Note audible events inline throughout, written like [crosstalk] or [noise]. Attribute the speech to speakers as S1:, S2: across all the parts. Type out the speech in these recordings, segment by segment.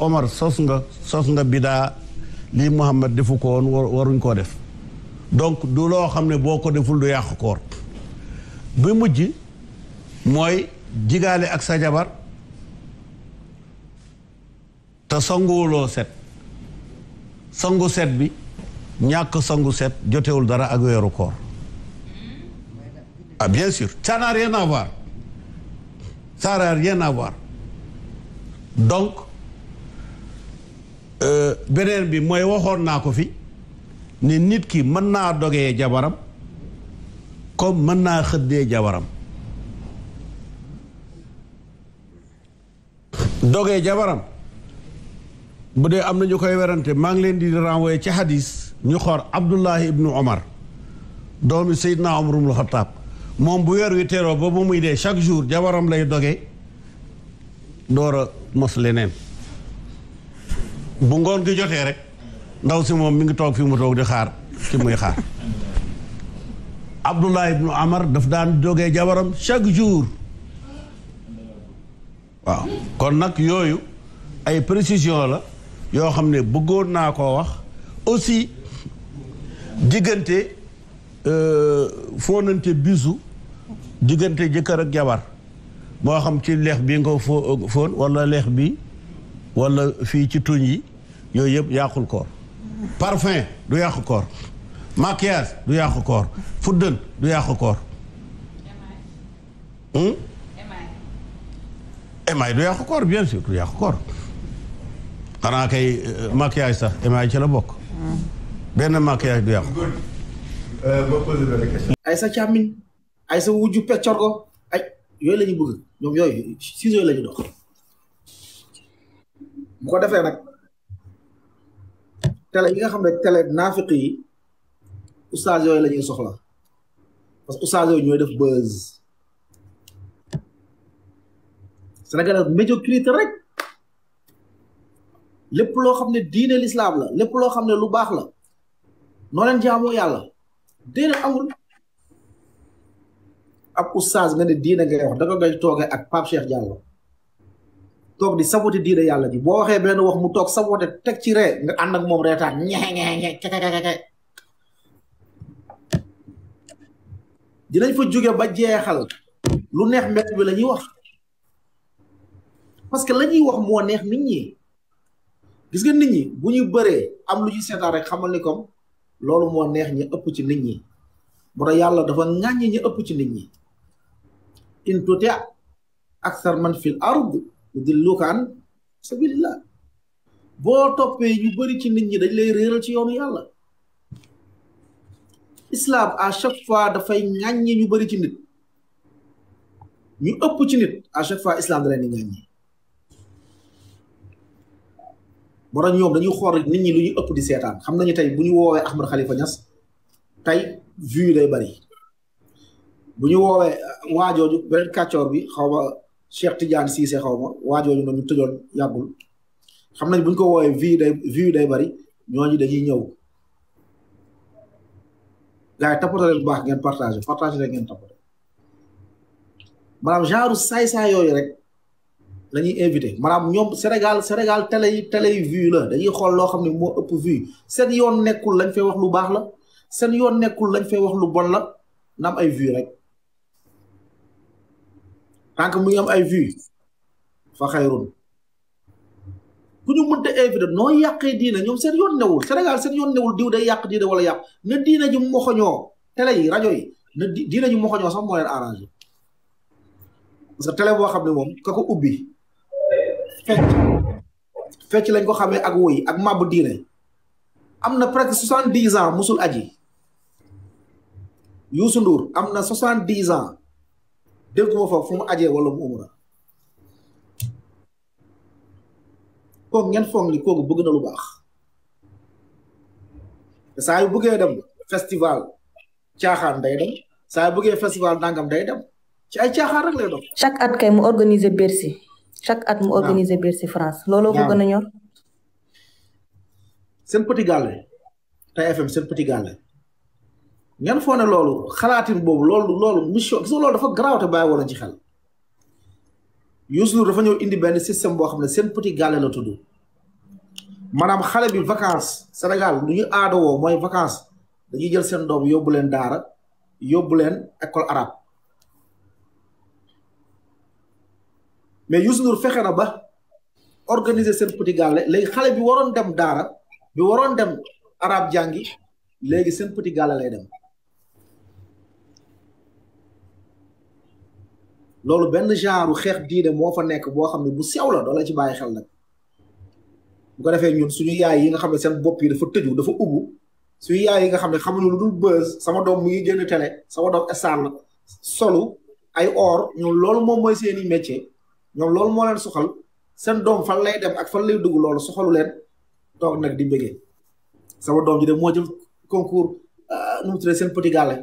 S1: Omar sos nga sos nga bidaa lii Muhammad defu ko woon waruñ koo def donc du loo xam ne boo ko deful du yàqu koor bi mujj mooy jigaale ak sa jabar te sanguwuloo set sangu set bi ñàkk sangu set jotewul dara ak weeru koor ah bien sûr ça n'a rien à voir ça donc Euh, beneen bi mooy waxoon naa ko fi ne nit ki mën naa dogee jabaram comme mën naa xëddee jabaram dogee jabaram bu dee am na ñu koy werante maa ngi leen di renvoyé ci hadis ñu xoor Abdullahi ibnu Omar doomi Seydina Omar ibnu Xataab moom bu weer wi teeroo ba ba muy dee chaque jour jabaram lay doge door a mos leneen bu ngoon gi jotee rek ndaw si moom mi ngi toog fi mu toog di xaar ci muy xaar Abdullah ibnu Amar daf daan jógee jabaram chaque jour waaw kon nag yooyu ay précision la yoo xam ne bëggoon naa koo wax aussi diggante euh, foonante bisu diggante jëkkër ak jabar moo xam ci leex bi nga foo foon leex bi wala fii ci tuñ yi yooyu yëpp yàqul koor parfum du yàqu koor maquillage du yàqu koor fuddën du yàqu koor émail hmm? du yàqu koor bien sûr du yàqu koor xanaa kay euh, maquillage sax émail ci la bokk benn maquillage du yàqu
S2: euh, ay sa càmmiñ ay sa wujju peccorgo ay yooyu la ñu bëgg ñoom yooyu si yooyu la dox bu ko defee nag télé yi nga xam ne télé naafiq yi ustaas yooyu la soxla parce que ustaas ñooy def buzz Sénégal médiocrité rek lépp loo xam ne diine lislaam la lépp loo xam ne lu baax la noo leen jaamoo yàlla déedéet amul ab ustaas nga ne diine ngay wax da ko toogee ak Pape Cheikh Diallo tok di saboté diine yalla ji bo waxee benn wax mu tok saboté tek ci ree nga and ak mom moom reetaan ñexe ñexe ñexe dinañ fa jóge ba jéxal lu neex mbett bi la wax parce que la ñuy wax mo neex nit ñi gis nga nit ñi bu ñu bëree am lu ci seetaan rek xamal ni kom lolu mo neex ñi ëpp ci nit ñi moo tax yalla dafa ngañ ñi ëpp ci nit ñi in tuti aksar man fil ardh yudilluka an sabilillah boo toppee yu bëri ci nit ñi dañ lay réeral ci yoonu yàlla islam à chaque fois dafay ŋàññi ñu bari ci nit ñu ëpp ci nit à chaque fois islam da leen di ŋàññi moo tax ñoom dañuy xool nit ñi lu ñu ëpp di seetaan xam nañu tey bu ñu woowee Ahmed Khalifa Niass tey vue day bu ñu woowee waajooju beneen kàccoor bi xaw ma Cheikh Tidiane Cissé xaw ma waa jooju noonu tojoon tëjoon yàggul xam nañ bu ñu ko woowee vie day vie day bari ñooñu dañuy ñëw gars yi tapote baax ngeen partagé partagé ngeen tapote maanaam genre saay-saay yooyu rek dañuy ñuy invité maanaam ñoom Sénégal Sénégal télé yi télé yi vue la dañuy xool loo xam ne moo ëpp vue seen yoon nekkul lañ fay wax lu baax la seen yoon nekkul lañ fay wax lu bon la na ay vue rek. tant que mu ngi am ay vues fa xayrun ku ñu mënta invité noo yàqee diina ñoom seen yoon newul Sénégal seen yoon newul diw day yàq diina wala yàq na diina ji moxoñoo télé yi rajo yi na diina ji moxoñoo sax moo leen parce que télé boo xam ne moom ka ko ubbi fecc fecc lañ ko xamee ak woy ak màbb diine am na presque soixante dix ans musul aji Youssou Ndour am na soixante dix ans dégguma fa fu mu ajee wala mu umra kooku ngeen foog ni kooku bëgg na lu baax te saa yu bëggee dem festival caaxaan day dem saa buggee bëggee festival nangam day dem ci ay caaxaan rek lay
S1: dox. chaque at kay mu organiser Bercy chaque at mu organiser Bercy France looloo ko gën a ñor.
S2: seen petit gàllé TFM seen petit gàllé ngeen foo ne loolu xalaatin boobu loolu loolu mission gis nga loolu dafa garaaw te bàyyi woon ci xel Youssou Ndour dafa ñëw indi benn système boo xam ne seen petit gaale la tudd maanaam xale bi vacances Sénégal lu ñu aadawoo mooy vacances dañuy jël seen doom yóbbu leen daara yóbbu leen école arabe mais Youssou Ndour fexe na ba organiser seen petit gaale léegi xale bi waroon dem daara bi waroon dem arabe jàngi léegi seen petit gaale lay dem loolu benn genre xeex diine moo fa nekk boo xam ne bu sew la doo la ci bàyyi xel nag bu defee ñun suñu yaay yi nga xam ne seen bopp yi dafa tëju dafa ubbu suñu yaay yi nga xam ne xam xamuñu lu dul bës sama doom mu ngi jënd télé sama doom estaan solu ay or loolu moom mooy seeni métier ñoom loolu moo leen seen doom fan lay dem ak fan lay dugg loolu soxalu leen toog nag di mbégee sama doom ji de moo jëm concours euh, nu mu tuddee seen petit gàlle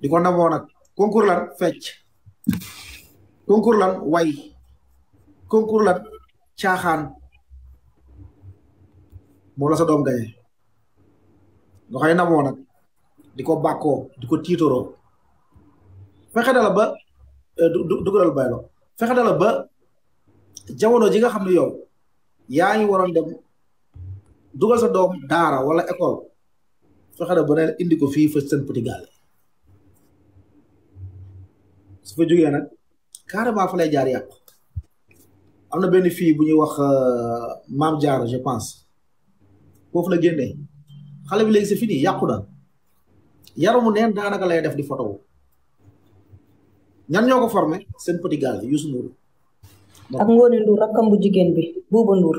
S2: di ko ndamoo nag concours lan fecc concours lan way concours lan caaxaan moo la sa doom gañe nga xëy na moo nag di ko bàkkoo di ko tiitoroo fexe dala ba euh, dugalal baylo fexe dala ba jamono ji nga xam ne yow yaa ngi waroon dem dugal sa doom daara wala école fexe dala ba ne indi ko fii fa seen petit su fa jógee nak carrément fa lay jaar yak amna na fi fii bu ñuy wax euh, mam jaar je pense foofu la gënné xalé bi légui c'est fini yakku na yaramu neen daanaka lay def di photo ñan ñoko formé sen petit gars Youssou Ndour ak ngone Ndour rakam bu jigen bi Bouba Ndour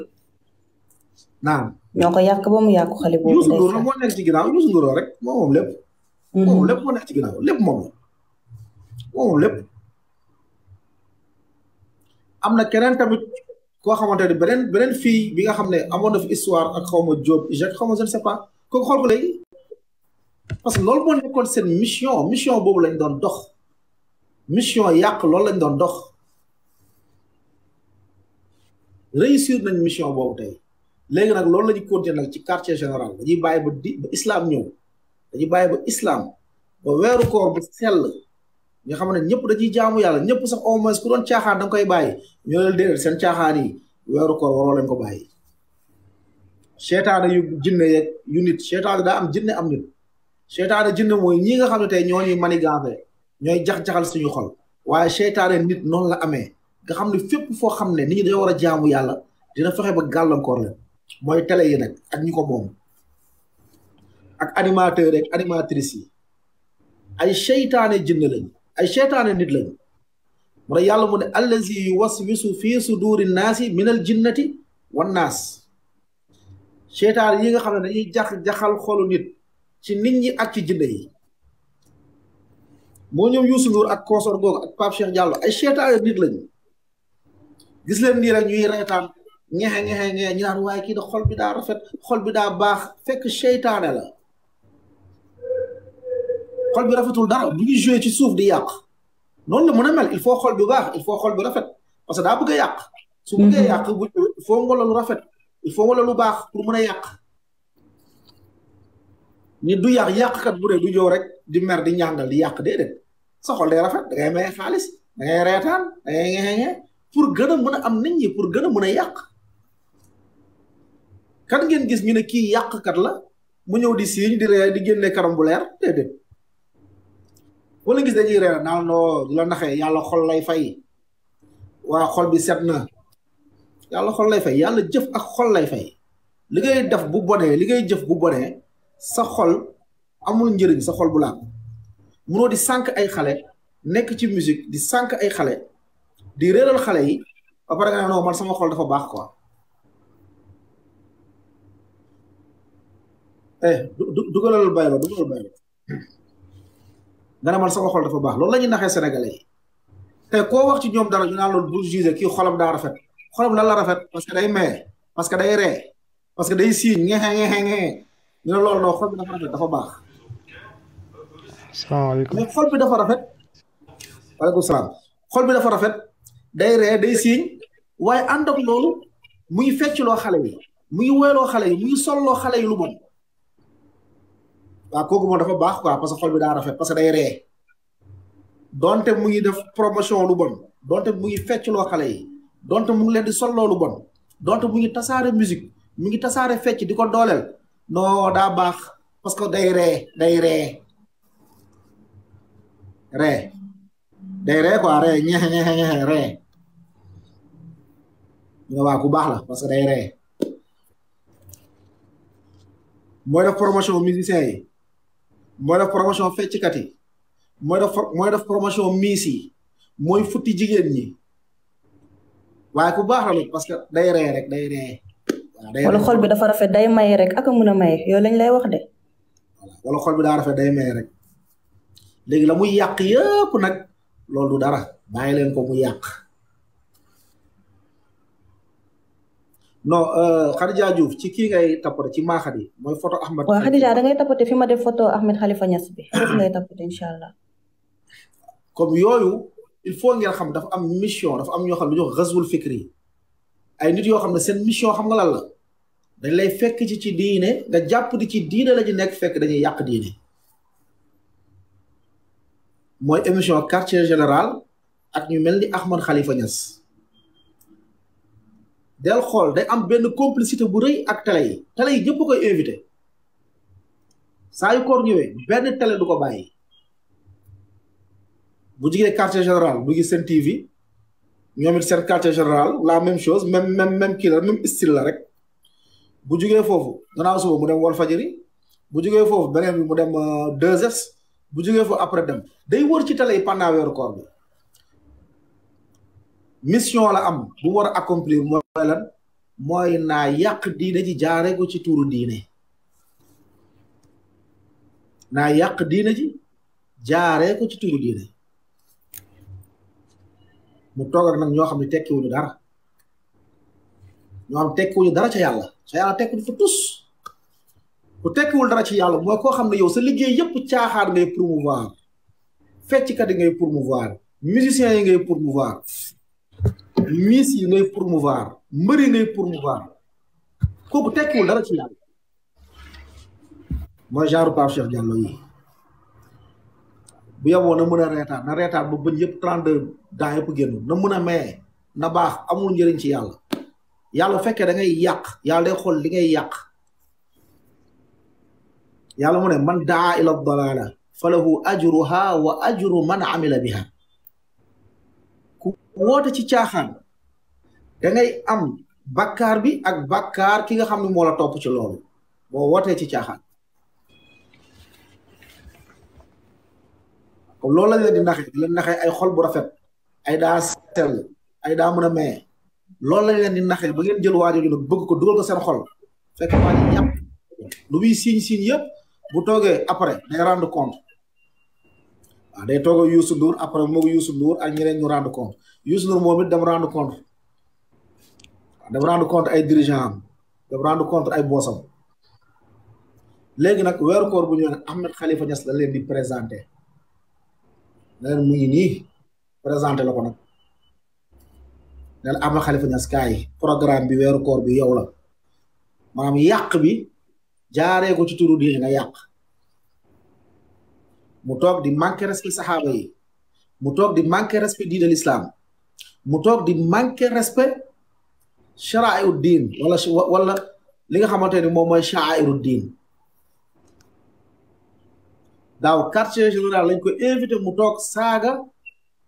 S1: naam ñoko yak ba mu yak xalé bu Youssou Ndour mo
S2: moo nekk ci ginaaw Youssou Ndour rek mo mom lepp moom lepp mhm. mo nekk ci ginaaw lepp mom wow lépp am na keneen tamit koo xamante ne beneen beneen fii bi nga xam ne amoon na fi histoire ak xaw ma Diop Jacques xaw ma je ne sais pas kooku xool ko léegi parce que loolu moo nekkoon seen mission mission boobu lañ doon dox mission yàq loolu lañ doon dox réussir nañ mission boobu tey léegi nag loolu la ñu continuer nag ci quartier général dañuy bàyyi ba di ba islam ñëw dañuy bàyyi ba islaam ba weeru koor bu sell ñi nga xam ne ñëpp dañuy jaamu yàlla ñëpp sax au moins ku doon caaxaan da nga koy bàyyi ñoo leen déedéet seen caaxaan yi weeru koor waroo leen ko bàyyi seetaane yu jinne yeeg yu nit seetaane daa am jinne am nit seetaane jinne mooy ñi nga xam ne tey ñoo ñuy manigancé ñooy jax-jaxal suñu xol waaye seetaane nit noonu la amee nga xam ne fépp foo xam ne nit ñi dañoo war a jaamu yàlla dina fexe ba gàllankoor leen mooy télé yi nag ak ñu ko moom ak animateur yeeg animatrice yi ay seytaane jinne lañu ay seetaane nit lañu mu ne yàlla mu ne allazi yuwaswisu fii suduri naasi minal jinnati wan naas seetaan yi nga xam ne dañuy jax-jaxal xolu nit ci nit ñi ak ci jinne yi moo ñoom Youssou Ndour ak Koosor googu ak Pape Cheikh Diallo ay seetaane nit lañu gis leen nii rek ñuy reetaan ñexe ñexe ñexe ñu naan waaye kii da xol bi daa rafet xol bi daa baax fekk seytaane la xol bi rafetul dara bu ñu joué ci suuf di yàq noonu la mën a mel il faut xol bu baax il faut xol bu rafet parce que daa bëgg yàq. su bëggee mhm. yàq bu il faut lu rafet il faut lu baax pour mën a yàq. du yàq yàqkat bu dee du jow rek di mer di ñàngal di yàq déedéet sa xol day rafet da ngay maye xaalis da ngay reetaan da ngay ngexeñe pour gën a a am nit ñi pour gën mun a yàq. kan ngeen gis ñu ne kii yàqkat la mu ñëw di siiñ di ree di génne karam bu leer wala gis dañuy reer naan noo du la naxee yàlla xol lay fay waa xol bi set na yàlla xol lay fay yàlla jëf ak xol lay fay li ngay def bu bonee li ngay jëf bu bonee sa xol amul njëriñ sa xol bu laab munoo di sànq ay xale nekk ci musique di sànq ay xale di réeral xale yi ba pare nga ne non man sama xol dafa baax quoi eh dugalal bay la dugalal bay nga ne man sama xol dafa baax loolu la ñuy naxee sénégalais yi te koo wax ci ñoom dara ñu naan loolu bu jugé kii xolam daa rafet xolam lan la rafet parce que day maye parce que day ree parce que day siiñ ngexe ngexe ngexe ñu ne loolu noonu xol bi dafa rafet dafa baax.
S1: salaamaaleykum
S2: xol bi dafa rafet. waaleykum salaam xol bi dafa rafet day ree day siiñ waaye ànd ak loolu muy feccloo xale yi muy weeloo xale yi muy solloo xale yi lu bon. waa kooku moom dafa baax quoi parce que xol bi daa rafet parce que day ree donte mu ngi def promotion lu bon donte mu ngi loo xale yi donte mu ngi leen di solloo lu bon donte mu ngi tasaare musique mu ngi tasaare fecc di ko dooleel non daa baax parce que day ree day ree ree day ree quoi ree ñeexe ñeexe ñeexe ree nga waa ku baax la parce que day ree mooy def promotion musicien yi mooy def promotion fecckat yi mooy def mooy def promotion miis yi mooy futti jigéen ñi waaye ku baax la parce que day ree rek day ree wala xol bi dafa rafet day may rek aka a mën a may yow lañ lay wax de. wala xol bi daa rafet day may rek léegi la muy yàq yëpp nag loolu du dara bàyyi leen ko mu yàq. non euh, Khadija Diouf ci kii ngay tapoté ci maaxat yi mooy photo Ahmed. waaw Khadija da ngay tapoté fi ma def photo Ahmed Khalifa Niass bi [coughs] foofu ngay tapoté incha allah. comme yooyu il faut ngeen xam dafa am mission dafa am ñoo xam ne dañoo ghazwul fikri ay nit yoo xam ne seen mission xam nga lan la dañ lay fekk ci ci diine nga jàpp di ci diine la ñu nekk fekk dañuy yàq diine. mooy émission quartier général ak ñu mel ni Ahmed Khalifa Niass. del xool day am benn complicité bu rëy ak télé yi télé yi ñëpp koy invité saa yu ñëwee benn télé du ko bàyyi bu jigee quartier général bu ngi seen ñoom it seen quartier général la même chose même même même kii la même la rek bu jugee foofu gannaaw suba mu dem Walfadjri bu jugee foofu beneen bi mu dem 2S euh, bu jugee foofu après dem day wër ci télé yi pendant weeru koor bi mission la am bu war accomplir mooy mooy lan naa yàq diine ji jaare ko ci tuuru diine naa yàq diine ji jaaree ko ci tuuru diine mu toog nag ñoo xam ne tekkiwuñu dara ñoo xam tekkiwuñu dara ca yàlla ca yàlla tekkiwuñu fa tus ku tekkiwul dara ci yàlla mooy koo xam ne yow sa liggéey yëpp caaxaan ngay promouvoir fecckat yi ngay promouvoir musiciens yi ngay promouvoir miss yi ngay mouvoir mbër yi ngay promouvoir kooku tekkiwul dara ci yàlla mooy genre Pape Cheikh Diallo yi bu yeboo na mën a reetaan na reetaan ba bëñ yëpp trente-deux dents yëpp génn na mën a maye na baax amul njëriñ ci yàlla yàlla bu fekkee da ngay yàq yàlla day xool li ngay yàq yàlla mun ne man daa ila dalaala falahu ajruha wa ajru man amila biha woote ci caaxaan da ngay am bàkkaar bi ak bàkkaar ki nga xam ne moo la topp ci loolu boo wootee ci caaxaan comme loolu lañ leen di naxe leen naxee ay xol bu rafet ay daa sell ay daa mën a maye loolu lañ leen di naxee ba ngeen jël waajo ju nag bëgg ko dugal ko seen xol fekk waa ji ñàpp lu muy siiñ siiñ yëpp bu toogee après day rendre compte waaw day toog ak Youssou Ndour après moog Youssou Ndour ak ñeneen ñu rendre compte Youssou Ndour moom it dem rendre compte waaw dem compte ay dirigeant am dem rendre compte ay boosam léegi nag weeru koor bu ñëwee nag Ahmed Khalifa Niass la leen di présenté ne leen mu ngi nii présenté la ko nag ne am Ahmed Khalifa Niass kaay programme bi weeru koor bi yow la maanaam yàq bi jaaree ko ci turu diine nga yàq. mu toog di manquer respect saxaaba yi mu toog di manquer respect diine l'islam mu toog di manquer respect charairu diin wala wala li nga xamante ni moom mooy charairu diin daaw quartier général lañ ko invité mu toog saaga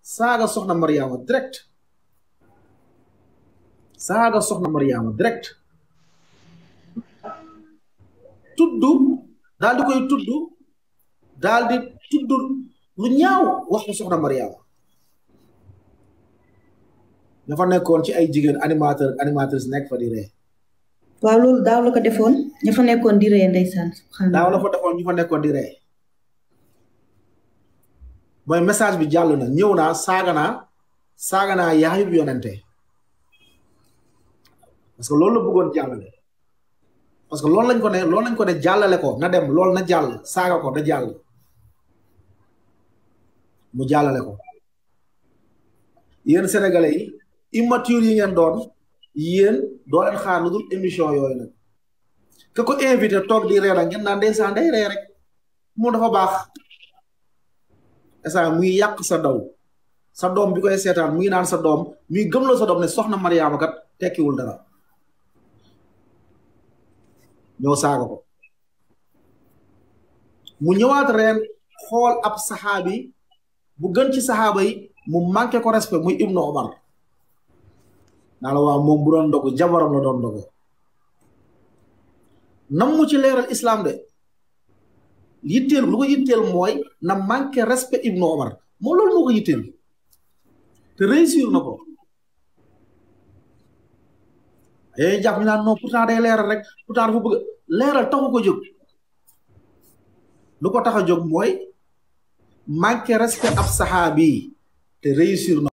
S2: saaga soxna Mariama direct saaga soxna Mariama direct tudd daal di koy tudd daal di tudd lu ñaaw wax ko soxna Mariama dafa nekkoon ci ay jigéen animateur animatrice nekk fa di ree waaw loolu daaw la ko defoon ñu fa nekkoon di ree ndeysaan daaw la ko defoon ñu fa nekkoon di ree mooy message bi jàll na ñëw naa saaga naa saaga naa yaayub yonente parce que loolu la bëggoon jàllale parce que loolu lañ ko ne loolu lañ ko ne jàllale ko na dem loolu na jàll saaga ko da jàll mu jàllale ko yéen sénégalais yi immature yi ngeen doon yéen doo leen xaar lu dul émission yooyu nag ke ko invité toog di reer a ngeen naan ndeysaan day ree rek moom dafa baax essan muy yàq sa daw sa doom bi koy seetaan muy naan sa doom muy gëmloo sa doom ne soxna Mariama kat tekkiwul dara ñëw saaga ko mu ñëwaat reen xool ab saxaabi bu gën ci saxaaba yi mu manqué ko respect muy ibnu omar naa la waaw moom bu doon ndogu jabaram la doon ndogu nam mu ci leeral islam de yitteel lu ko yitteel mooy na manqué respect ibnu omar moom loolu moo ko yitteel te réussir na ko yooyu jàpp ñu naan non pourtant day leeral rek pourtant dafa bëgg leeral taxu ko jóg lu ko tax a jóg mooy manqué respect ab saxaabi te réussir na